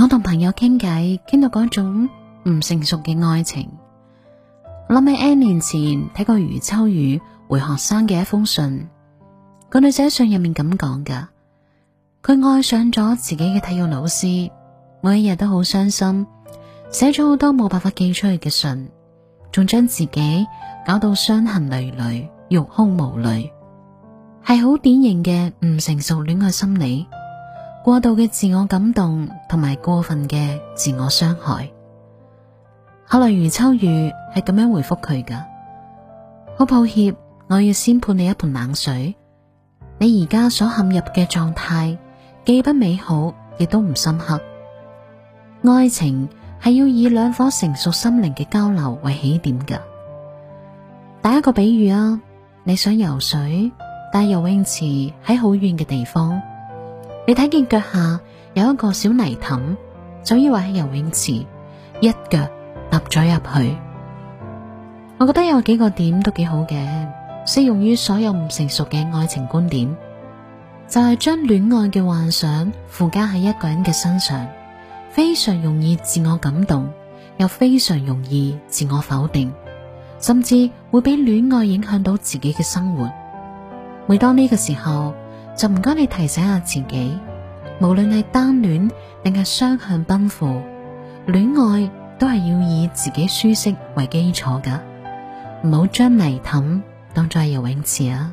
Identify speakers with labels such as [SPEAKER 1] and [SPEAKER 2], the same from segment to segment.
[SPEAKER 1] 我同朋友傾偈，傾到嗰種唔成熟嘅愛情。我諗起 N 年前睇過余秋雨回學生嘅一封信，個女仔信入面咁講噶，佢愛上咗自己嘅體育老師，每一日都好傷心，寫咗好多冇辦法寄出去嘅信，仲將自己搞到傷痕累累、欲哭無淚，係好典型嘅唔成熟戀愛心理。過度嘅自我感動同埋過分嘅自我傷害。後來余秋雨係咁樣回覆佢噶，好抱歉，我要先潑你一盆冷水。你而家所陷入嘅狀態既不美好，亦都唔深刻。愛情係要以兩顆成熟心靈嘅交流為起點噶。打一個比喻啊，你想游水，但游泳池喺好遠嘅地方。你睇見腳下有一個小泥凼，就以為係游泳池，一腳踏咗入去。我覺得有幾個點都幾好嘅，適用於所有唔成熟嘅愛情觀點，就係將戀愛嘅幻想附加喺一個人嘅身上，非常容易自我感動，又非常容易自我否定，甚至會俾戀愛影響到自己嘅生活。每當呢個時候，就唔該你提醒下自己，無論係單戀定係雙向奔赴，戀愛都係要以自己舒適為基礎㗎，唔好將泥凼當作係
[SPEAKER 2] 游泳池啊！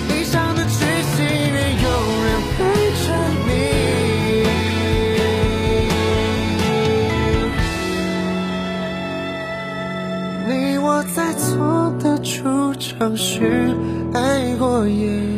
[SPEAKER 2] 是愛過也。